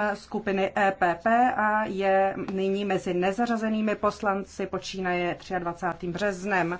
Eh, skupiny EPP a je nyní mezi nezařazenými poslanci, počínaje 23. březnem.